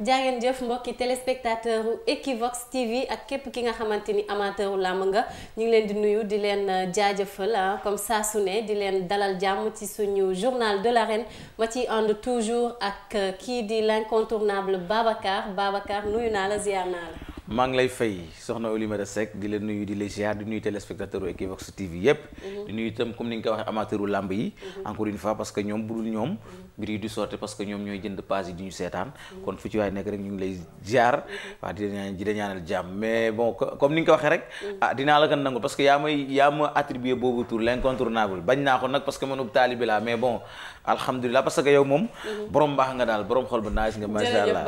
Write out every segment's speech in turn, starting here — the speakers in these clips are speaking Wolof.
jaa jëf mbokki téléspectateur u Equivox TV ak képp ki nga xamante ni amateur u làmb nga ñu ngi leen di nuyu di leen euh, jaajëfal ah, comme saa su ne di leen dalal jàmm ci suñu journal de l'arène ma ci ànd toujours ak euh, kii di l'incontournable Babacar Babacar nuyu naa la ziar naa la. maa ngi lay sox fay soxna Olimata Seck di leen nuyu di la ziar di nuyu téléspectateur Equivox TV yépp mhm. di nuyu itam comme ni nga ko waxee amateuru làmb yi mhm. encore une fa parce que ñoom budul ñoom mhm. mbir yi di sorte parce que ñoom ñooy jënd paas yi di seetaan kon fu ci waay nekk rek ñu lay ziar waaw di la ñaanal mais bon comme ni nga ko rek ah dinaa la kan nangu parce que yaa may yaa ma attribué boobu tour l'incontournable bañ naa ko nag parce que manub taalibi laa mais bon alhamdulilah parce que yow moom mhm. borom baax nga daal borom xol ba naagis nga macha allah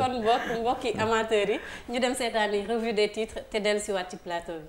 kon mbokk mbokki amateurs yi ñu dem seetaan yi revue des titres te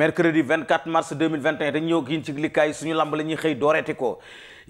mercredi 24 mars 2021 dañ ñëw giin ci likaay suñu lamb la ñuy xëy dooreeti ko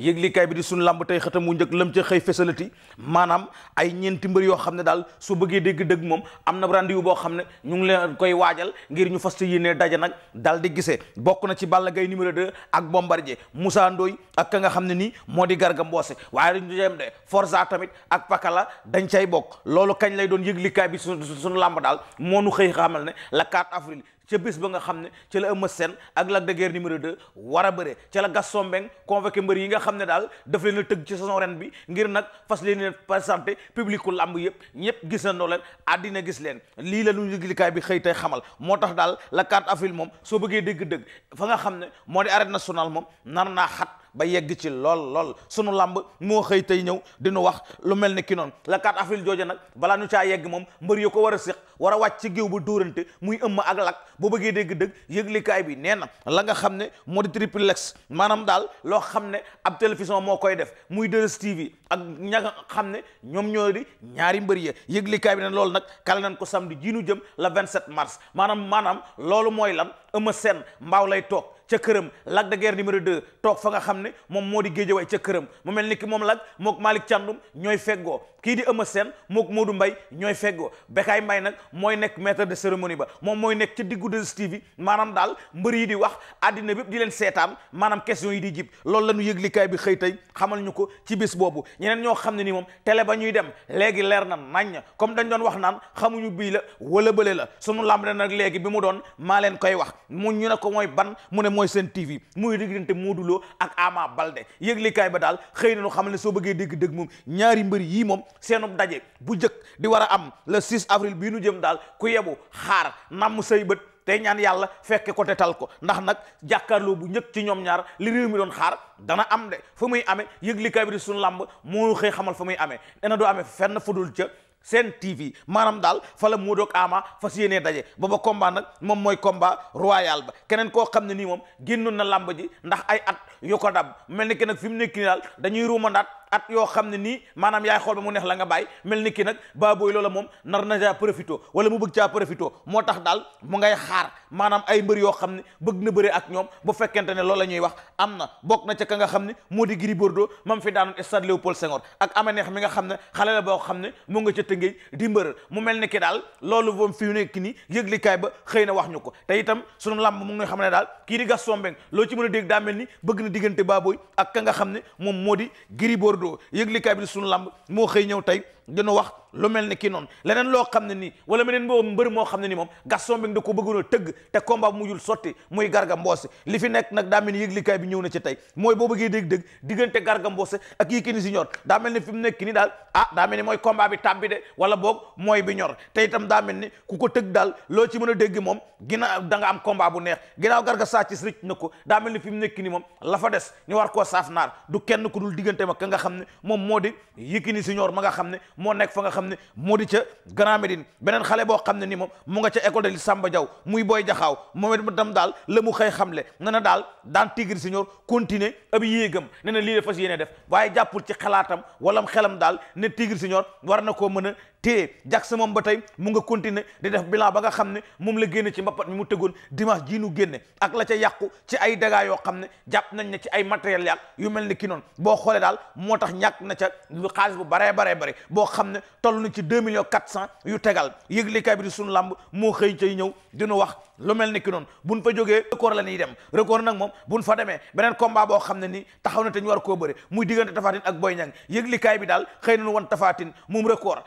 yëglikaay bi di suñu lamb tey xëtam mu njëkk lëm ca xëy fesalati maanaam ay ñeenti mbër yoo xam ne daal soo bëggee dégg dëgg moom am na rendez boo xam ne ñu ngi leen koy waajal ngir ñu fas yéenee daje nag daal di gisee bokk na ci Balla gay numéro de ak Bombardier Moussa Ndoye ak ka nga xam ne nii moo di Garga Mbossé waaye dañu jëm de Forza tamit ak Pakala dañ cay bokk loolu kañ lay doon yëglikaay bi suñu lamb daal moo nu xëy xamal ne la 4 ca bis ba nga xam ne ce la Eumeu Sène ak Lac de Guiers numéro 2 war a bëre ca la Gaston Mbengue convoqué mbër yi nga xam ne daal daf leen a tëgg ci saison ren bi ngir nag fas leen leen présenté publicu làmb yëpp ñëpp gis na noo leen àddina gis leen lii la lu yëglikaay bi xëy tey xamal moo tax daal la 4 avril moom soo bëggee dégg-dëgg fa nga xam ne moo di arène nationale moom nar naa xat ba yegg ci lool lool sunu lamb moo xëy tey ñëw dinu wax lu mel ni ki noonu le 4 avril jooju nag balaa nu caa yegg moom mbër yu ko war a séq war a wàcc ci géew ba dóorante muy ëmma ak lak boo bëggee dégg-dëgg yëglikaay bi nee na la nga xam ne moo di triplex maanaam daal loo xam ne ab télévision moo koy def muy 2STV ak ña xam ne ñoom ñoo di ñaari mbër ya yëglikaay bi ne loolu nag kale nañ ko samedi ji nu jëm le 27 mars maanaam maanaam loolu mooy lan ëmma seen mbaaw lay toog ca këram Lac de Guiers numéro 2 toog fa nga xam ne moom moo di géejawaay ca këram mu mel ni ki moom Lac mook Malick Thiandoum ñooy feggoo kii di Eumeu seen mook moo Modou mbay ñooy feggoo Bécaye mbay nag mooy nekk maître de cérémonie ba moom mooy nekk ca diggu 2STV maanaam daal mbër yi di wax àddina bépp di leen seetaan maanaam question yi di jib loolu la ñu yëglikaay bi xëy tey xamal ñu ko ci bis boobu ñeneen ñoo xam ne ni moom télé ba ñuy dem léegi leer na nañ comme dañ doon wax naan xamuñu bii la wala bële la sunu lamb nag léegi bi mu doon maa leen koy wax mu ñu ne ko mooy ban mu ne mooy seen muy diggante Modou Lo ak Ama Balde yëglikaay ba daal xëy na ñu xam ne soo bëggee dégg dëgg moom ñaari mbër yii moom seenub daje bu jëkk di war a am le 6 avril bii nu jëm daal ku yebu xaar nàmm say bët tey ñaan yàlla fekke ko te tal ko ndax nag jàkkaarloo bu njëkk ci ñoom ñaar li réew mi doon xaar dana am de fa muy amee yëglikaay bi di suñu làmb moo xëy xamal fa muy amee dana doo amee fenn fudul ca seen TV maanaam daal fa la Modou ak Ama fas yéenee daje booba combat nag moom mooy combat royal ba keneen koo xam ne nii moom génnoon na làmb ji ndax ay at yu ko dab mel ni fi mu nekk nii daal dañuy ruumandaat at yoo xam ne nii maanaam yaay xool ba mu neex la nga bàyyi mel ni ki nag baa booy loola moom nar na caa profito wala mu bëgg caa profito moo tax daal mu ngay xaar maanaam ay mbër yoo xam ne bëgg na bëre ak ñoom bu fekkente ne loolu la ñuy wax am na bokk na ca ka nga xam ne moo di Gris Bordeaux mam fi daanoon stade Léopold Senghor ak ama neex nga xam ne xale la boo xam ne mu nga ca tëngéej di mbër mu mel ni ki daal loolu moom nekk nii yëglikaay ba xëy na wax ñu ko te itam sunu làmb mu ngi xam ne daal kii di Gaston Mbengue loo ci mën a dégg daa mel ni bëgg na diggante baa booy ak ka nga xam ne moom moo di Gris Bordeaux yëglikaay bi di sunu làmb moo xëy ñëw tey dina wax lu mel ni ki noonu leneen loo xam ne nii wala meneen boo mbër moo xam ne ni moom Gaston Mbengue da ko bëgg a tëgg te combat bu mujjul sotti muy Garga Mbossé li fi nekk nag daa mel ni yëglikaay bi ñëw na ci tey mooy boo bëggee dégg-dégg diggante Garga Mbossé ak Yékini Junior daa mel ni fi mu nekk ni daal ah daa mel ni mooy combat bi tàbbi de wala boog mooy bi ñor te itam daa mel ni ku ko tëgg daal loo ci mën a dégg moom ginnaaw da nga am combat bu neex ginnaaw Garga saacis rëcc na ko daa mel ni fi mu nekk nii moom la fa des ñu war koo saaf naar du kenn ku dul diggante ma ka nga xam ne moom moo di Yékini Junior ma nga xam ne moo nekk fa nga xam ne moo di ca Grand Médine beneen xale boo xam ne ni moom mu nga ca école de li Samba jaw muy booy jaxaaw moom it dam daal la mu xëy xamle ne na daal daan Tigre Senior continuer ab yéegam ne na lii la fas yéene def waaye jàppul ci xalaatam walam xelam daal ne Tigre Senior war na koo mën a téye Jax moom ba tey mu nga continuer di def bilan ba nga xam ne moom la génne ci mbappat mi mu tegoon dimanche ji nu génne ak la ca yàqu ci ay dégâts yoo xam ne jàpp nañ na ci ay matériels yàq yu mel ni ki noonu boo xoolee daal moo tax ñàkk na ca lu xaalis bu baree baree bare boo xam ne toll na ci deux millions quatre cent yu tegal yëglikaay bi di sunu làmb moo xëy cay ñëw dinu wax lu mel ni ki noonu buñ fa jógee record la ñuy dem record nag moom buñ fa demee beneen combat boo xam ne nii taxaw na te war koo bëri muy diggante Tapha Tine ak Boy Niang yëglikaay bi daal xëy nañu wan Tapha Tine moom record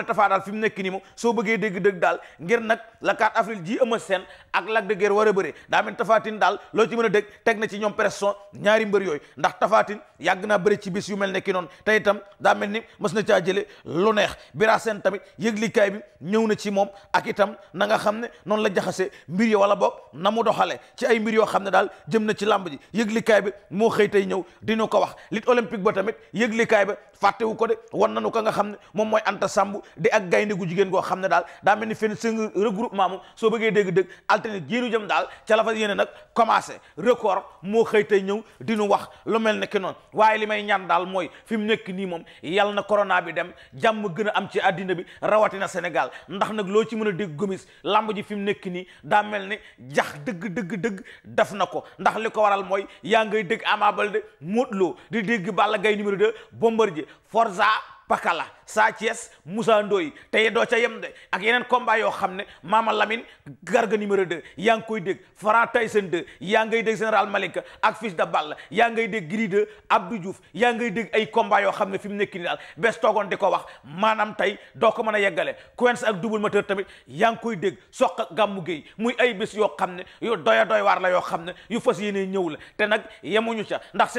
ne Tapha daal fi mu nekk nii moom soo bëggee dégg dëgg daal ngir nag la 4 avril ji Eumeu Sène ak Lac de war a bëre daa mel daal loo ci mën a dégg teg na ci ñoom pression ñaari mbër yooyu ndax Tapha Tine yàgg naa bëre ci bis yu mel nekki noonu te itam daa mel ni mës na caa jële lu neex Bira Sène tamit yëglikaay bi ñëw na ci moom ak itam na nga xam ne noonu la jaxase mbir yi wala boog na mu doxale ci ay mbir yoo xam ne daal jëm na ci làmb ji yëglikaay bi moo xëy tey ñëw dina ko wax lit ba tamit yëglikaay ba fàttewu ko de wan nanu xam ne moom mooy Anta Samb di ak gaynde gu jigéen goo xam ne daal daa mel ni fenn seen regroupement mu soo bëggee dégg-dëgg alternate jiinu jëm daal ca la fa nag commencé record moo xëy tey ñëw di nu wax lu mel ni ki noonu waaye li may ñaan daal mooy fi mu nekk nii moom yal na corona bi dem jàmm gën a am ci àddina bi rawatina Sénégal ndax nag loo ci mën a dégg gomis lamb ji fi mu nekk nii daa mel ni jax dëgg dëgg dëgg def na ko ndax li ko waral mooy yaa ngay dégg Ama Baldé Modou Lô di dégg Balla Gaye numéro 2 Bombardier Forza pakala Sa Thiès Moussa Ndoye tey doo ca yem de ak yeneen combat yoo xam ne Mama Lamine Garga numéro 2 yaa ngi koy dégg Franc Tyson 2 yaa ngay dégg général Malika ak Fils de Balla yaa ngay dégg Gris 2 Abdou Diouf yaa ngay dégg ay combat yoo xam ne fi mu nekk nii daal bés toogoon di ko wax maanaam tey doo ko mën a yeggale Quench ak double moteur tamit yaa ngi koy dégg soq gàmmu géey muy ay bés yoo xam ne yu doya doy waar la yoo xam ne yu fas yéenee ñëw la te nag yemuñu ca ndax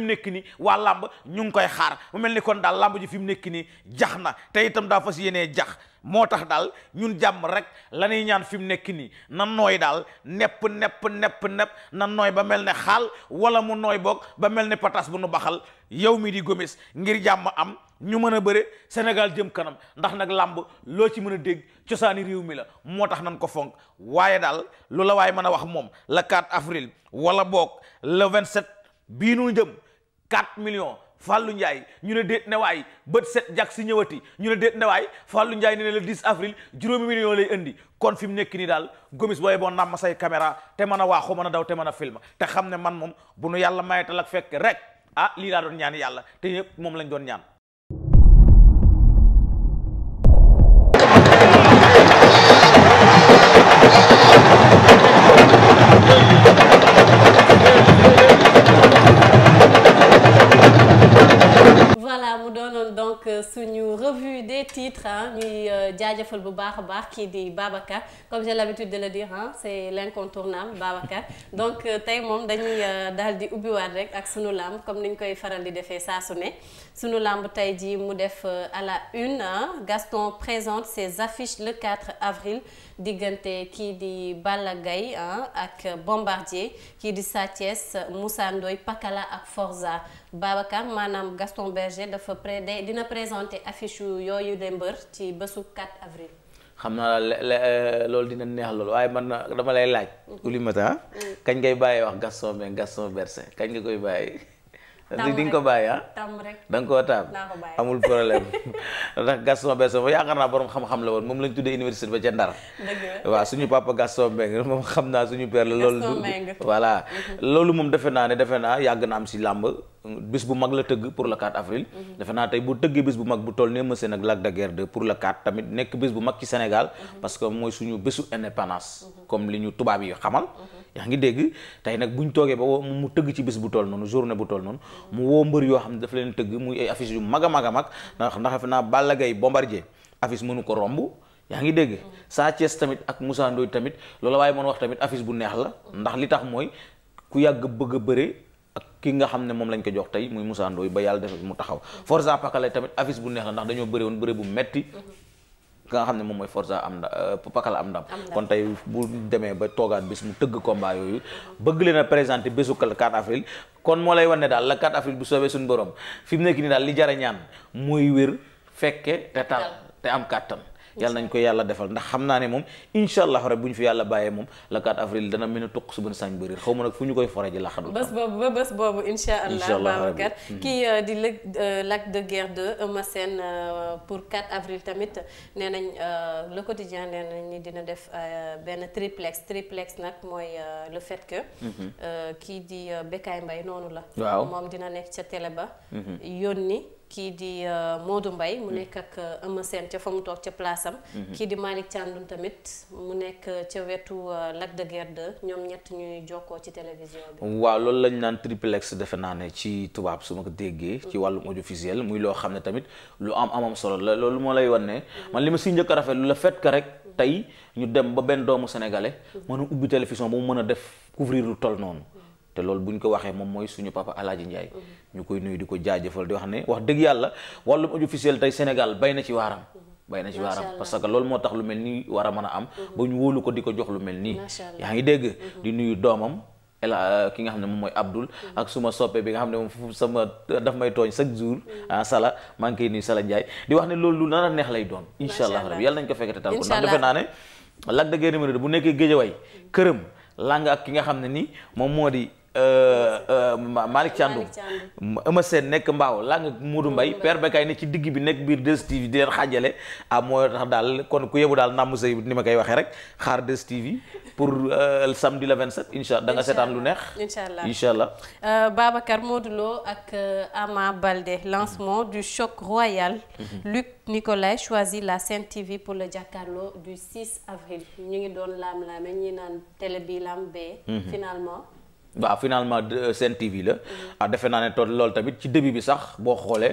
Siteu nekk ni waa làmb ñu ngi koy xaar mu mel ni kon daal làmb ji fi nekk nii jax na te itam daa fas yéenee jax moo tax daal ñun jàmm rek la ñuy ñaan fi mu nekk nii na nooy daal nepp nepp nepp nepp na nooy ba mel ne xaal wala mu nooy boog ba mel ni pataas bu nu baxal yow mii di gomis ngir jàmm am ñu mën a bëre Sénégal jëm kanam ndax nag làmb loo ci mën a dégg cosaani réew mi la moo tax nan ko fonk waaye daal lu la waaye mën a wax moom le 4 avril wala 4 million fallu Ndiaye ñu ne déet ne waay bët set jak si ñëwati ñu ne déet ne waay Fallou Ndiaye ne ne le 10 avril juróomi million lay indi kon fi mu nekk nii daal gomis booy boo nam ma say te mën a waaxu mën a daw te mën a film te xam ne man moom bu nu yàlla mayetal ak fekk rek ah lii laa doon ñaan yàlla te yëpp moom lañ doon ñaan jaajëfal bu baax a baax kii di Babacar comme j'ai l'habitude de le dire ah c'est l'incontournable Babacar donc euh, tey moom dañuy euh, daal di ubbiwaat rek ak sunu làmb comme ni ñu koy faral di defee saa su ne sunu làmb tey jii mu def euh, à la une Gaston présente ses affiches le 4 avril diggante kii di Balla Gaye ak Bombardier kii di Sa Thiès Moussa Pakala ak Forza Babacar maanaam Gaston Berger dafa pré dina présenter affiche yooyu de mbër ci bésu 4 avril. xam naa euh, loolu dina neex loolu waaye man dama lay laaj. Mm. Oulimata mm. kañ ngay bàyyi wax Gaston Berger Gaston Berger kañ nga koy bàyyi. di nga ko bàyyi ah da nga koo taam amul problème ndax Gaston Mbengue ba yaakaar naa borom xam-xam la woon moom lañ tuddee université ba ca Ndar waaw suñu papa Gaston Mbengue moom xam naa suñu père la loolu voilà mhm. loolu moom defe naa ne defe naa yàgg na am si làmb bis bu mag la tëgg pour le 4 avril mhm. defe naa tey bu tëggee bis bu mag bu toll ne monsieur nag Lac de Guiers pour le 4 tamit nekk bis bu mag ci Sénégal mhm. parce que mooy suñu bésu indépendance comme li ñu tubaab yi xamal yaa ngi dégg tey nag bu ñu toogee ba woo mu tëgg ci bis bu tool noonu jour journée bu tool noonu mu woo mbër yoo xam ne daf leen tëgg muy ay affiche yu mag a mag a mag ndax ndax naa Balla Gaye Bombardier affiche mënu ko romb yaa ngi dégg Sa Thiès ak Moussa tamit loola waaye mën wax tamit affiche bu neex la ndax li tax mooy ku yàgg bëgg a bëre ak ki nga xam ne moom lañ ko jox tey muy Moussa Ndoye ba yàlla def mu taxaw Forza Pakala tamit affiche bu neex la ndax dañoo bëre woon bëre bu metti ki xam ne moom mooy Forza am ndam euh, Pakala am ndam kon tey bu demee ba toogaat bis tëgg combat yooyu bëgg leen a présenter bésu 4 avril kon moo lay wan ne daal la 4 avril bu soobee suñu borom fi mu nekk nii daal li jara ñaan mooy wér fekke te tal te am kàttan yàlla nañ ko yàlla defal ndax xam naa ne moom incha allah rek bu ñu fi yàlla bàyyee moom la 4 avril dana mel ne tuq su bën sañ bëri xaw ma nag fu ñu koy fore ji la xadul bés boobu ba bés boobu incha allah Babacar mm-hmm. kii euh, di lëg euh, lac de guerre de Massène euh, pour 4 avril tamit nee nañ le quotidien nee nañ ni dina def benn triplex triplex nag mooy le fait que mm-hmm. kii di Bécaye Mbaye noonu la waaw moom dina nekk ca télé ba mm-hmm. yónni kii di euh, Modou mbay mu nekk ak euh, Eumeu Sène ca fa mu toog ca place am mhm. kii di Malick Thiandoum tamit mu nekk euh, ca wetu Lac de Guiers 2 ñoom ñett ñuy jokkoo ci télévision bi waaw loolu lañ naan triplex defe naa ne ci tubaab su ma ko déggee ci mhm. wàllum audiovisuel muy loo xam ne tamit lu am amam solo la loolu moo lay wan mhm. man li ma si njëkk a rafet lu la fait que rek tey ñu dem ba benn doomu sénégalais mën a ubbi télévision ba mu mën a def couvrir lu toll noonu te loolu bu ñu ko waxee moom mooy suñu papa Alaaji Njaay mm-hmm. ñu koy nuyu di ko jaajëfal di wax ne wax dëgg yàlla wàllum audiovisuel tey Sénégal bay na ci waaram mm-hmm. bay na ci waaram parce que loolu moo tax lu mel nii war a man a am mm-hmm. ba ñu wóolu ko di ko jox lu mel nii yaa ngi dégg di nuyu doomam ela euh, ki nga xam ne moom mooy Abdul ak suma soppe bi nga xam ne moom fu sama daf may tooñ chaque jour ah sala maa sala Ndiaye di wax ne loolu lu nar neex lay doon insha allah rabbi yàlla nañ ko fekkete tal ko ndax defe naa ne ki nga xam ne ni moom moo di Euh, euh, Malick Thiandou Eumeu Sène nekk Mbaaw laa nga Modou Mbaye Père Bekaay ne ci digg bi nekk biir 2STV di leen xaajale ah moo tax daal kon ku yebu daal namm sëy ni ma koy waxee rek xaar 2STV pour euh, samedi le 27 incha allah da nga seetaan lu neex. incha allah incha allah. Babacar Modou ak Ama Baldé lancement du choc royal. Mhm. Luc Nicolaï choisit la Sen TV pour le jàkkaarloo du 6 avril ñu ngi doon laam-laame ñi naan télé bi laam bee. Mhm. finalement. waaw finalement euh, Sen TV la ah defe naa ne tool loolu tamit ci début bi sax boo xoolee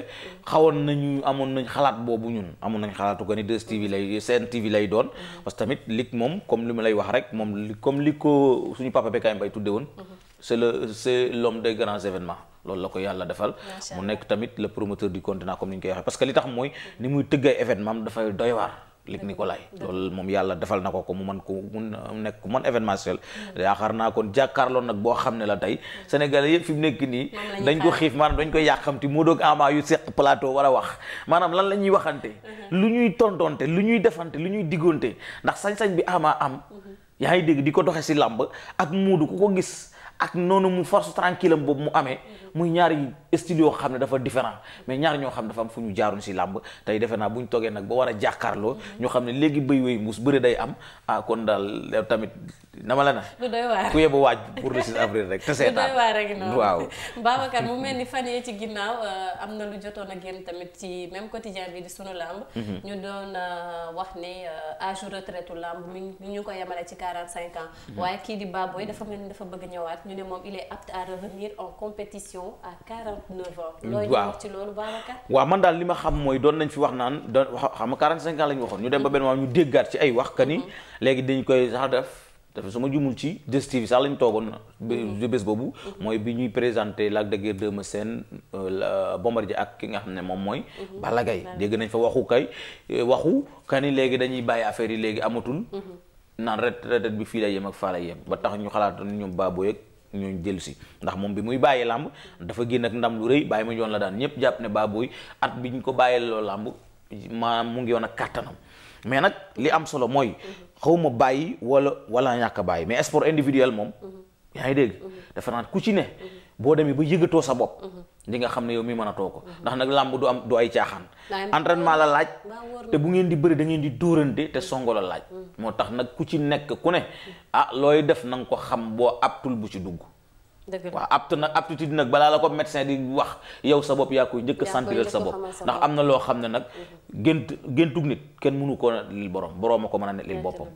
xawoon nañu amoon nañ xalaat boobu ñun amoon nañ xalaatu ko ni 2TV lay Sen TV lay doon parce que tamit lig moom comme li ma lay wax rek moom comme li ko suñu papa Bécaye Mbaye tudde woon c'est le c'est l'homme des grands événements loolu la ko yàlla defal mu nekk tamit le promoteur du continent comme ni ñu koy waxee parce que li tax mooy ni muy tëggay événement dafay doy waar Luc Nicolaï loolu moom yàlla defal na ko ko mu man ko mun nekk ku mën événementiel yaakaar naa kon jàkkaarloo nag boo xam ne la tey sénégalais yëpp fi mu nekk nii dañ ko xiif maanaam dañ koy yàqamti moo doog ama yu seq plateau war a wax maanaam lan la ñuy waxante mhm. lu ñuy tontonte lu ñuy defante lu ñuy diggoonte ndax sañ-sañ bi ama am mhm. yaa ngi dégg di ko doxe si làmb ak muudu ku ko gis ak noonu mu force tranquille boobu mu amee mhm. muy ñaari studio xam ne dafa différent mais ñaar ñoo xam dafa am fu ñu jaaruñ si làmb tey defe naa bu ñu toogee nag ba war a jàkkaarloo ñu xam ne léegi béy wéy muus bëri day am ah kon daal tamit nama la na lu doy waar ku yebu waaj pour le 6 avril rek te seetaan lu doy waar rek noonu waaw Babacar mu mel ni fan yee ci ginnaaw euh, am na lu jotoon a génn tamit ci même quotidien bi di sunu làmb mhm. ñu doon euh, wax ne euh, âge retraite u làmb mi ñu ko yemale ci 45 ans mhm. waaye kii di Baboy dafa mel ni dafa bëgg ñëwaat ñu ne moom il est apte revenir en compétition profession à ci loolu man daal li ma xam mooy doon nañ fi wax naan doon xam nga 45 ans la ñu waxoon ñu dem ba benn moment ñu déggaat ci ay wax que ni mm-hmm. léegi dañ koy sax def. dafa su ma jumul ci destive sax lañ toogoon mm-hmm. bés boobu mm-hmm. mooy bi ñuy présenté Lac de Guiers seen Eumeu Sène euh, ak ki nga xam ne moom mooy Balla Gaye dégg nañ fa waxu kay waxu kani léegi dañuy bàyyi affaire yi léegi amatul naan ret retet bi fii lay yem ak faa lay ba tax ñu xalaat ñoom baaboo yëg ñooñu jël si ndax moom bi muy bàyyi làmb dafa génn ak ndam lu rëy bàyyi ma joon la daan ñëpp jàpp ne Baboy at bi ñu ko bàyyee loolu làmb maanaam mu ngi yoon ak kàttanam mais nag li am solo mooy xawma bàyyi wala wala ñàkk a bàyyi mais sport individuel moom mhm. yaa ngi dégg mhm. dafa naan ku ci ne mhm. boo demee ba yëgatoo sa bopp. li mhm. nga xam ne yow mii mënatoo ko. ndax nag làmb du am du ay caaxaan. entraînement la laaj. te bu ngeen di bëri da di dóorante te songo la laaj. Mhm. moo tax nag ku ci nekk ku ne ah looy def na ko xam boo abtul bu ci dugg. waaw apt nag aptitude nag balaa la ko médecin di wax yow sa bopp yaa koy njëkk a sa bopp ndax am na loo xam ne nag mhm. gént géntug nit kenn mënu ko netlil borom borom a ko mën a netlil boppam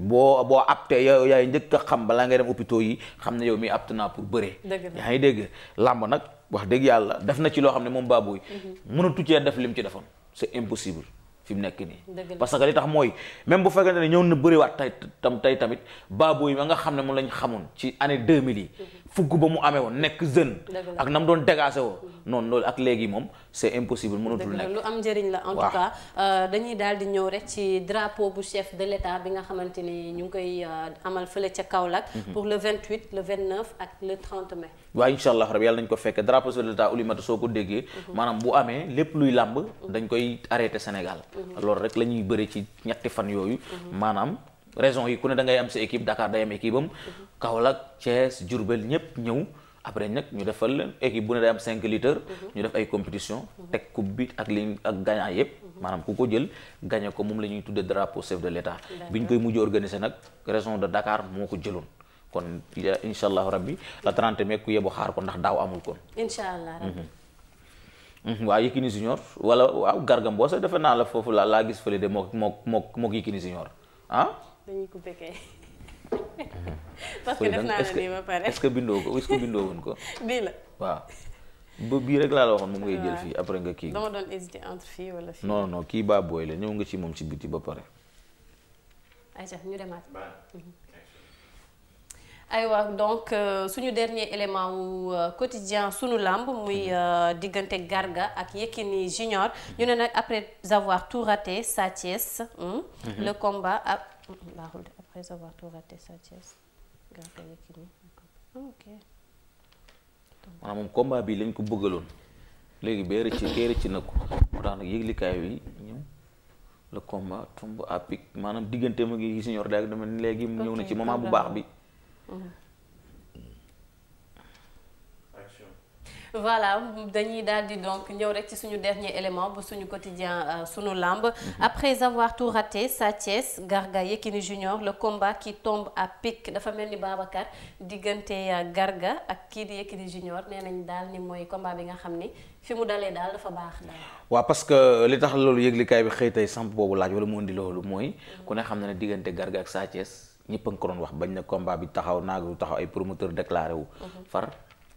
boo boo aptee yow yaay njëkk a xam balaa ngay dem hôpitaux yi xam ne yow mi apte naa pour bëree yaa ngi dégg làmb nag wax dëgg yàlla def na ci loo xam ne moom baaboy mhm. mënatu cee def lim ci defoon c'est impossible fi mu nekk nii parce que li tax mooy même bu fekkente ne ñëw na bëriwaat tey tam tey tamit baaboo yi ma nga xam ne moom la ñu xamoon ci année 2000 yi fukk ba mu amee woon nekk jeune ak na mu doon dégagé woo noonu loolu ak léegi moom c'est impossible mënatul nekk lu am njëriñ la en tout cas euh, dañuy daal di ñëw rek ci drapeau bu chef de l'état bi nga xamante ni ñu ngi koy euh, amal fële ca Kaolack mhm. pour le 28 le 29 ak le 30 mai waaw insha allah rabi yàlla nañ ko fekkee drapeau chef de l'état ulimata soo ko déggee mhm. maanaam bu amee lépp luy làmb mhm. dañ koy arrêté Mm-hmm. loolu rek la ñuy bëre ci ñetti fan yooyu mm-hmm. maanaam raison yi ku ne da ngay am sa équipe Dakar day am équipe am mm-hmm. Kaolack Thiès Diourbel ñëpp ñëw après nag ñu defal leen équipe bu ne day am cinq litres ñu def ay compétition teg coupe bi ak li ak gagnant yëpp maanaam ku ko jël gagné ko moom la ñuy tuddee drapeau chef de l'état bi ñu koy mujj organiser nag région de dakaar moo ko jëloon kon insha allahu rabbi la 30 mai ku yebu xaar ko ndax daaw amul kon Mhm, waaw Yékini Junior wala waaw Garga Mbossé defe naa la foofu laa laa gis fële de mook mook mook mook Yékini Junior ah. dañuy coupé kay. parce que def naa la nii ba pare est bindoo ko est bindoo woon ko. bii la waaw. ba bii rek laa la waxoon moom ngay jël fii après nga kii. dama doon hésiter entre fii wala fii. kii baa booy la ñëw nga ci moom ci bitti ba pare. ayca ay wax donc euh, suñu dernier élément wu euh, quotidien suñu làmb muy mm-hmm. euh, diggante Garga ak Yekini Junior ñu ne nag après avoir tout raté Sa Thiès hmm, mm-hmm. le combat a hmm, baaxul de après avoir tout Sa Thiès Garga Yekini ah, ok maanaam moom combat bi lañ ko bëggaloon léegi bee ci kay ci na ko moo tax nag yëglikaay yi ñëw le combat tombe à maanaam diggante ma ngi Junior daal dama léegi ñëw na ci moment bu baax bi voilà dañuy daal di donc ñëw rek ci suñu dernier élément bu suñu quotidien euh, suñu làmb mm-hmm. après avoir tout raté Sa Thiès Garga Yekini Junior la combat qui tombe à dafa mel ni Babacar diggante euh, Garga ak kii di Yekini Junior nee nañ daal ni mooy combat bi nga xam ni fi mu dalee daal dafa baax daal. waaw parce que euh, li tax loolu yëglikaay bi xëy tey samp boobu laaj wala mu indi loolu mooy. Mm-hmm. ku ne xam na ne diggante Garga ak Sa ñëpp a ko doon wax bañ na combat bi taxaw naagu taxaw ay promoteur déclaré wu. Mhm. far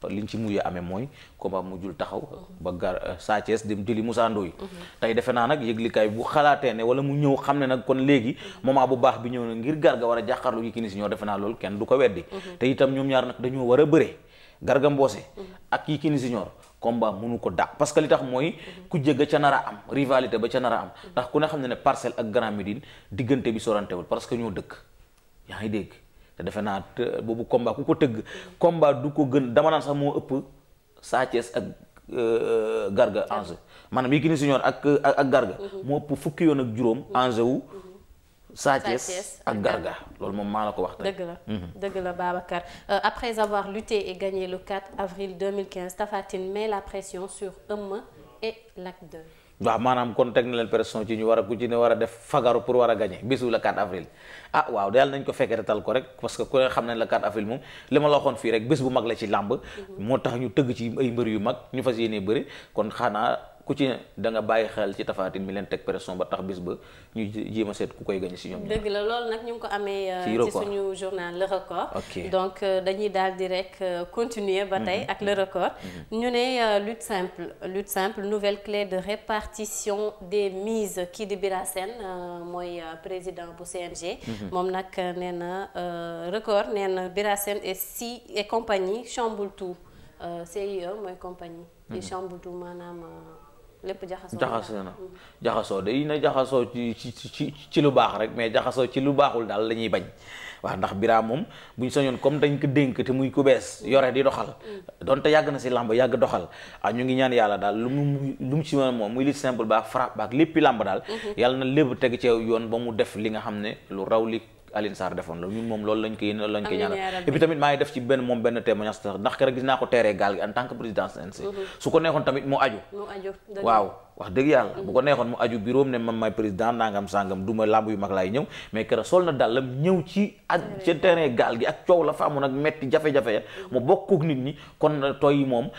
liñ ci mujjee amee mooy combat mujjul taxaw. Mhm. ba gar euh, Sa Thiès dem jëli Moussa Ndoye. Mhm. tey defe naa nag yëglikaay bu xalaatee ne wala mu ñëw xam ne nag kon léegi moment bu baax bi ñëw na ngir Garga war a jàkkaarloo Yékini Senior defe naa loolu kenn du ko weddi. te itam ñoom ñaar nag dañoo war a bëre Garga Mbossé. ak Yékini Senior combat mënu ko dàq parce que li tax mooy ku jégga ca nar am rivalité ba ca nar am ndax ku ne xam ne ne Parcelles ak Grand Médine diggante bi sorantewul parce que ñoo dëkk. yaa ngi dégg te defe naa boobu combat ku ko tëgg combat du ko gën dama naan sax moo ëpp Sa Thiès ak euh, Garga enjeu maanaam Yékini Senior ak ak Garga mhm. moo ëpp fukki yoon ak juróom mhm. enjeu wu mhm. Sa Thiès ak Garga loolu moom maa la ko wax dëgg la dëgg la Babacar euh, après avoir lutté et gagné le 4 avril 2015 Tapha Tine met la pression sur Eumeu et Lac 2 waaw maanaam kon teg na leen pression ci ñu war a ku ci ne war a def fagaru pour war a gagné bisu la 4 avril ah waaw daal nañ ko fekkee tal ko rek parce que xam ne la 4 avril moom li ma la waxoon fii rek bés bu mag la ci làmb moo tax ñu tëgg ci ay mbër yu mag ñu fas yéenee bëri kon xanaa ku ci ne da nga bàyyi xel ci tafaatin mi leen teg pression ba tax bis ba ñu jéem a seet ku koy gañ si ñoom. dëgg la loolu nag ñu ngi ko amee. ci euh, suñu journal le record. donc euh, dañuy daal di rek euh, continuer ba tey mhm. ak le record. Mhm. ñu ne lutte simple lutte simple nouvelle clé de répartition des mises kii di Bira Sène mooy président bu CNG. Mhm. moom nag nee na record nee na Bira Sène et si et compagnie chamboule tout CIE mooy compagnie. di maanaam. lépp jaxasoo jaxasoo na jaxasoo day na jaxasoo ci ci ci ci lu baax rek mais jaxasoo ci lu baaxul daal la ñuy bañ waaw ndax biraam moom buñ sañoon comme dañ ko dénk te muy ku bees yore di doxal mm. donte yàgg na si làmb yàgg doxal ah ñu ngi ñaan yàlla daal lu mu lu mu si mën moom muy li simple baax frappe baax léppi làmb daal mm-hmm. yàlla na lépp teg ci yoon ba mu def li nga xam ne lu raw li Alioune Sarr defoon la ñun moom loolu lañ koy loolu lañ koy ñaanal et tamit maa ngi def ci benn moom benn témoignage sax ndax keroog gis naa ko teeree gaal gi wax dëgg yàlla mhm. bu ko neexoon mu aju bureau ne man maay président nangam sangam duma lamb yu mag laay ñëw mais keroog sol na dàllam ñëw ci ak gaal gi ak coow la fa amoon ak metti jafe-jafe ya mhm. mu bokk nit ñi kon tooy moom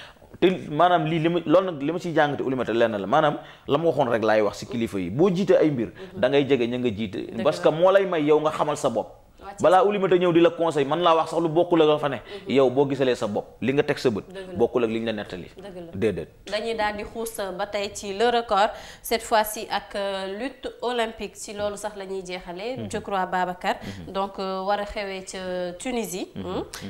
te maanaam lii li ma loolu nag li ma ciy jàngate ulimata lenn la maanaam la ma waxoon rek laay wax si kilifa yi boo jiite ay mbir mhm. da ngay jege ña nga jiite parce que moo lay may yow nga xamal sa bopp balaa ulimata ñëw di la conseil man laa wax sax lu bokkul ak fa ne mhm. yow boo gisalee sa bopp li nga teg sa bët bokkul ak li ñu la nettali déedéet dañuy daal di xuus ba tey ci le record cette fois ci ak euh, lutte olympique ci loolu sax la ñuy jeexale mhm. je crois Babacar mhm. donc euh, war a xewee ca Tunisie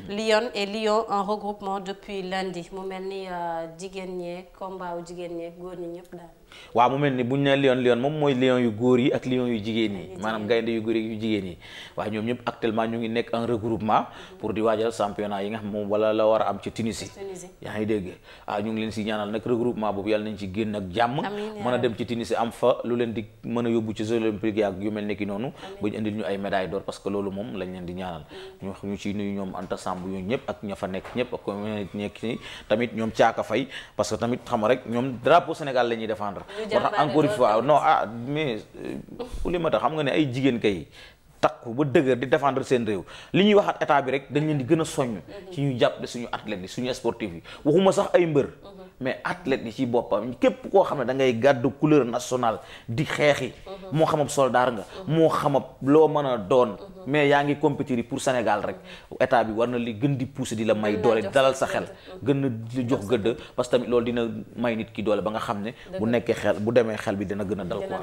Lyon et Lyon en regroupement depuis lundi mu mel ni euh, jigéen ñee combat jigéen ñee góor ñi ñëpp daal waaw mu mel ni buñ ne lion lion moom mooy lion yu góor yi ak lion yu jigéen yi maanaam gaynde yu góor yi yu jigéen yi waaye ñëpp actuellement ñu ngi nekk un regroupement pour di waajal championnat yi nga xam a am ci ah, ngi leen si ñaanal nag regroupement boobu yàlla nañ ci génn ak a lu leen di mën a yóbbu ci Jeux olympiques yu mel nekki noonu bañ ñu ay médaille d'or parce que loolu moom lañ leen di ñaanal ñu wax ñu ñëpp ak ña fa nekk ñëpp ak nekk ni tamit ñoom caaka fay parce que tamit xam rek ñoom drapeau Sénégal la ñuy défendre la. war na encore une fois non ah mais. Oulimata xam nga ne ay jigéen kay. takku ba dëgër di défendre seen réew li ñuy waxaat état bi rek dañ leen di gën a soññ ci ñu jàppale suñu athlètes yi suñu sportif yi waxuma sax ay mbër mais athlètes yi ci boppam képp koo xam ne da ngay gàddu couleur national di xeexi mhm. moo xamab soldaar nga moo xamab loo mën a doon mais yaa ngi compétir pour Sénégal rek état bi war na li gën di pousser di la may doole dalal sa xel gën na di jox gëdd parce que tamit loolu dina may nit ki doole ba nga xam ne bu nekkee xel bu demee xel bi dina gën a dal quoi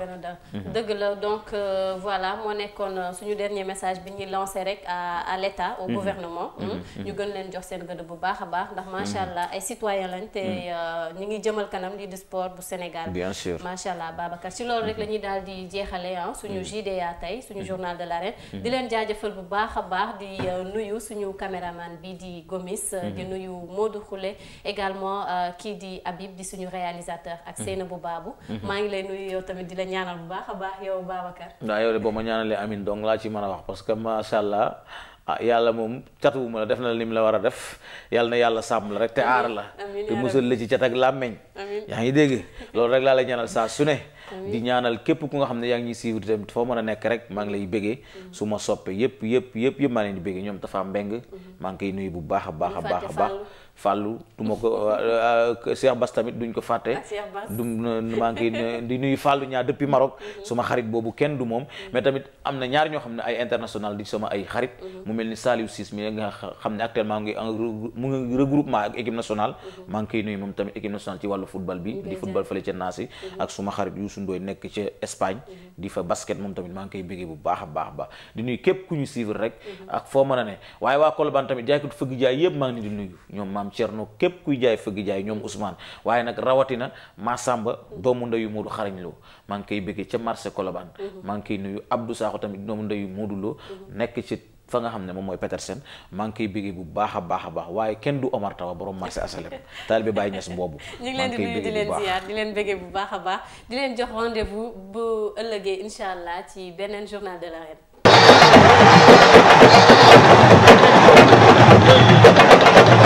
mhm. dëgg la donc euh, voilà moo nekkoon euh, suñu dernier message bi ñuy lancé rek à l'état au mhm. gouvernement mhm. ñu gën leen jox seen gëdd bu baax a baax ndax macha allah ay citoyens lañ te euh, ñu ngi jëmal kanam lii di sport bu Sénégal bien sûr macha allah Babacar si loolu rek la ñuy daal di jeexale ah suñu JDA tey suñu journal de leen jaajëfal bu baax a baax di euh, nuyu suñu caméraman bi di Gomis. Euh, di mhm. nuyu Modou Khoule également euh, kii di Habib di suñu réalisateur ak mhm. Seynabou Babou. Mhm. maa ngi lay nuyu yow tamit di la ñaanal bu baax a baax yow Babacar. ndax yow de boo ma ñaanalee Amine donc laa ci mën a wax parce que macha allah. Ah, yàlla moom catuwuma la def na lim la war a def yàlla yàlla sàmm la rek te aar la te musal la ci cat ak làmmeñ yaa ngi dégg loolu rek laa la ñaanal saa su ne di ñaanal képp ku nga xam ne yaa ngi ñuy suivre foo mën a nekk rek maa ngi lay bëggee mm-hmm. su ma soppe yëpp yëpp yëpp yëpp maa leen di bëggee ñoom Tafa Mbeng mm-hmm. maa ngi koy nuyu bu baax a baax a baax a baax fàllu du ma ko euh, euh, Cheikh Bass tamit duñ ko fàtte ah, du maa ngi di nuyu fàllu ñaar depuis mhm. Maroc mhm. suma xarit boobu kenn du moom mhm. ma tamit am na ñaar ñoo xam ne ay international di sama ay xarit mu mel ni Saliou Ciss mi nga xam ne actuellement ngi mu ngi regroupement ak équipe nationale maa ngi koy nuyu moom tamit équipe nationale ci wàllu football bi di football fële ca Nancy ak suma xarit Youssou Ndoye nekk ca Espagne di fa basket moom tamit maa ngi koy béggee bu baax a baax baax di nuyu képp ku ñu suivre rek ak foo mën a ne waaye maam Thierno képp kuy jaay fëgg jaay ñoom Ousmane waaye nag rawatina Massamba doomu ndeyu Moodu xarañ loo maa ngi koy bëggee ca marché Colobane mhm. man ngi koy nuyu Abdou Sakho tamit doomu ndeyu Moodu loo mhm. nekk ci fa nga xam ne moom mooy Petersen maa ngi bëggee bu baax a baax a baax waaye kenn du Omar Tawa borom marché asalem taal bi bàyyi ñes boobu ñu ngi leen di nuyu di leen ziar di leen bëggee bu baax a baax di leen jox rendez-vous bu ëllëgee incha allah ci beneen journal